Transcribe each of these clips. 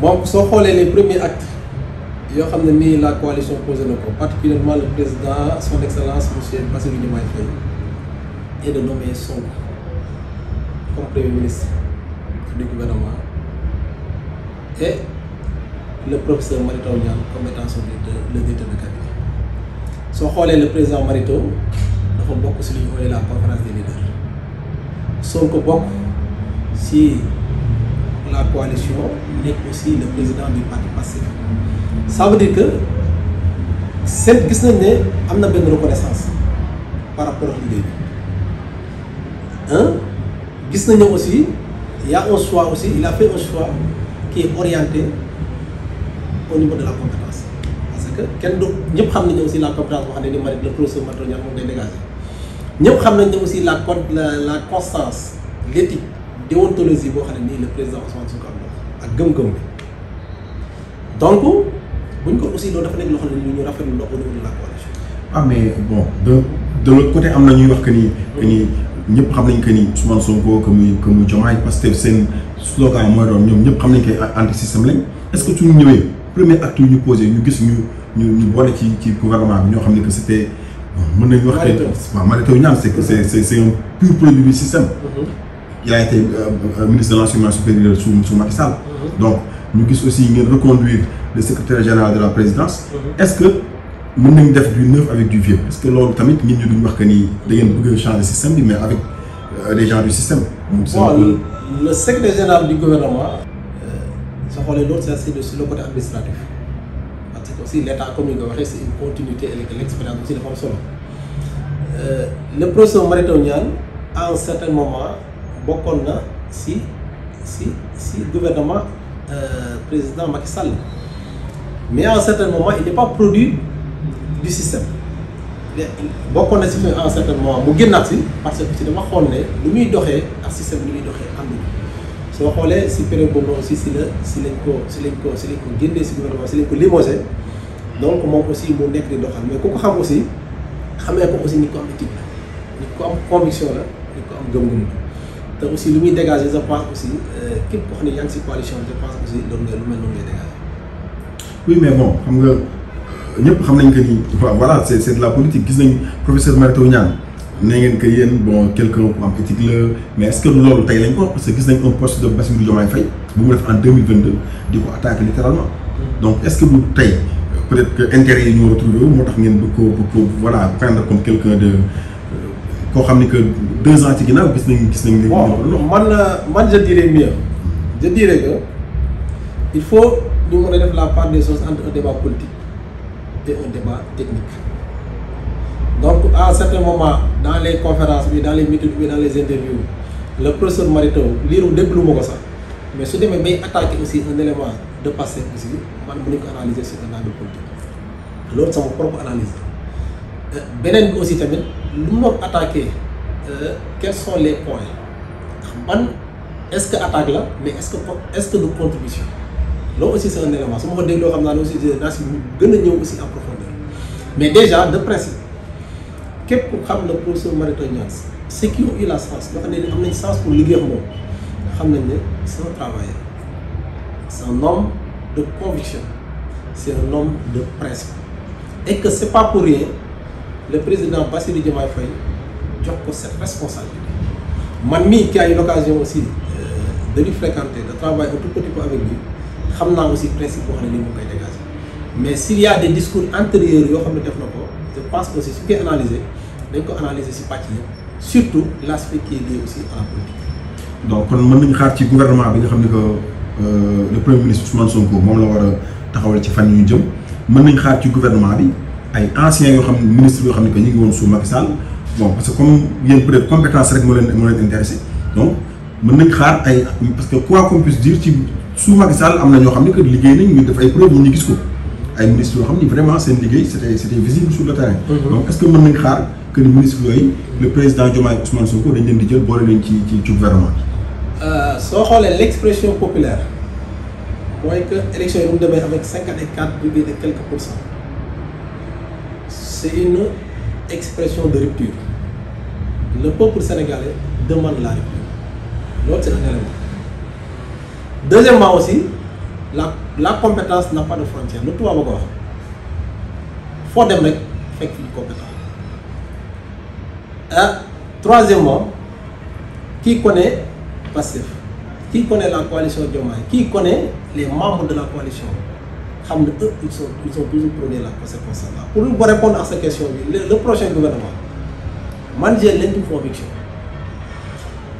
donc soo est les premiers actes yoo la coalition posé le particulièrement le président son excellence M. Bassirou Diomaye Faye et de nommer son comme premier ministre du gouvernement et le professeur Marito Teuw comme étant son le directeur de cabinet rôle est le président Marito nous dafa beaucoup la conférence des leaders Sonko bokk si la coalition est aussi le président du parti passé ça veut dire que cette guisne a une reconnaissance par rapport à lui. Hein, un aussi il y a un choix aussi il a fait un choix qui est orienté au niveau de la compétence parce que nous avons aussi la compétence nous avons le professeur aussi la la constance l'éthique déontologie bo xamné ne le président Ousmane Sonko am ak gëm-gëm bi donc buñ ko aussi loolu dafa nekk loo xam ne ñu rafetlu la au niveau la coalition. ah mais bon de de l'autre côté am na ñuy wax que ni. que ni ñëpp xam nañ que ni Ousmane Sonko que muy que muy Diomaye Pastef seen slogan mooy doon ñoom ñëpp xam nañ que anti système lañ est-ce que suñu ñëwee premier acte ñu posé ñu gis ñu ñu ñu boole ci ci gouvernement bi ñoo xam ne que c'était mën nañu wax. waaw waaw Mary Teuw Niane c'est c'est c'est un pur produit du système. Mm-hmm il a été euh, ministre de l'enseignement supérieur sous, sous Macky Sall. Mhm. Donc, nous puissions aussi reconduire le secrétaire général de la présidence. Mhm. Est-ce que nous avons faire du neuf avec du vieux Est-ce que l'on a dit que nous avons changer le système, mais avec euh, les gens du système le, secrétaire général du gouvernement, euh, l'autre, c'est sur le côté administratif. Parce que l'État, comme il doit c'est une continuité avec l'expérience aussi de la euh, Le professeur Mariton à un certain moment, si le gouvernement euh, président Macky Sall mais à un certain moment il n'est pas produit du système si un certain moment mu parce que si dama système lu muy am si gouvernement donc il aussi mo nek di mais aussi aussi conviction te aussi lu muy dégager je pense aussi euh, képp koo xam ne yaa ngi si coalition je pense aussi loolu nga lu mel noonu ngay dégager. oui mais bon xam nga euh, ñëpp xam nañ que ni voilà c' est c' est de la politique gis nañ professeur Mary Teuw Niane ngeen que yéen bon quelqu'un pour en critique la mais est ce que loolu tey lañ ko parce que gis nañ un poste de Bassirou Diomaye Faye bu mu def en 2022 mille vingt di ko attaqué littéralement. donc est ce que du tey peut être que intérêt yi ñu retrouvé moo tax ngeen bëgg ko bëgg ko voilà prendre comme quelqu'un de koo xam que deux ans ci gis je dirais mieux je dirais que il faut nous mën la part des choses entre un débat politique et un débat technique donc à certains moments dans les conférences dans les meetings dans les interviews le professeur Marito liiru nous ma ko sax mais su demee bay aussi un élément de passé aussi ne peux pas analyser sur un angle politique C'est mon propre analyse euh, benen bi aussi tamit lu mu attaqué euh, quels sont les points ban est-ce que attaque la mais est-ce que est-ce que de contribution loolu aussi c'est un élément su ma ko dégloo xam naa aussi naa si gën a ñëw aussi en mais déjà de principe képp ce xam na professeur pour Teuw Niane ceux qui ont eu la chance nga xam ne am chance pour liggéey ak moom xam nañ ne un travailleur c'est un homme de conviction c'est un homme de principe et que c'est pas pour rien le président Bassirou Diomaye Faye jox cette responsabilité man qui a eu l'occasion aussi euh, de lui fréquenter de travailler un tout petit peu avec lui je sais aussi principe de a mais s'il y a des discours antérieurs je pense que aussi ce qui analyser analyser si surtout l'aspect qui est lié aussi à la politique. donc je suis nañu le gouvernement bi euh, le premier ministre Ousmane Sonko moom la war a taxawal ci fan gouvernement ay anciens yoo xam ne ministre yoo xam ne que ñu ngi woon sous Macky Sall bon parce que comme yéen peut-être compétence rek moo leen moo leen intéressé donc mën nañ xaar ay parce que quoi qu'on puisse dire ci sous Macky Sall am na ñoo xam ne que liggéey nañ ñu def ay preuve ñu gis ko ay ministres yoo xam ne vraiment seen liggéey c'était c'était visible sur le terrain. Mm-hmm. donc est-ce que mën nañ xaar que les ministres yooyu le président Diomaye Ousmane Sonko dañ leen di jël boole leen ci ci ci gouvernement bi. Euh, soo xoolee l'expression populaire mooy que élection yi mu demee avec 54 virgule et quelques pour cent c'est une expression de rupture le peuple sénégalais demande la rupture L'autre c'est deuxièmement aussi la compétence n'a pas de frontière Nous trouvons. à Faut des mecs fait rek ah, troisièmement qui connaît passif qui connaît la coalition Diomaye qui connaît les membres de la coalition xam ne eux ils sont ils sont toujours prenés la conséquence là pour ma répondre à cette question bi le prochain gouvernement man j'ai l'intime conviction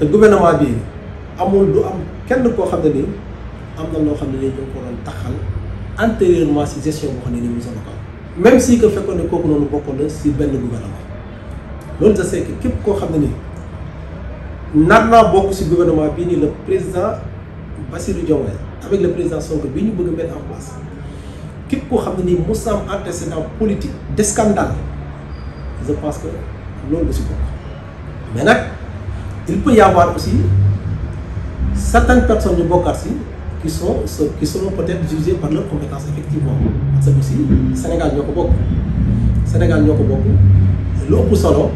te gouvernement bi amul du am kenn koo xam ne ni am na loo xam ne ni ñoo ko doon taxal antérieurement si gestion boo xam ne ni mu sonal même si que fekkoon ne kooku noonu bokkoon na si benn gouvernement loolu je sais que képp koo xam ne ni nar naa bokk si gouvernement bii ni le président Bassirou Diomaye avec le président Sonko bi ñu bëgg a mettre en place qui peut dire que politique je pense que mais il peut y avoir aussi certaines personnes de qui sont qui seront peut-être jugées par leurs compétences effectivement C'est aussi le Sénégal pas beaucoup, Sénégal solo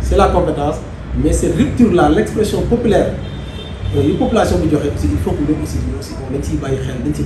c'est la compétence mais cette rupture là l'expression populaire les population qui il faut que nous aussi aussi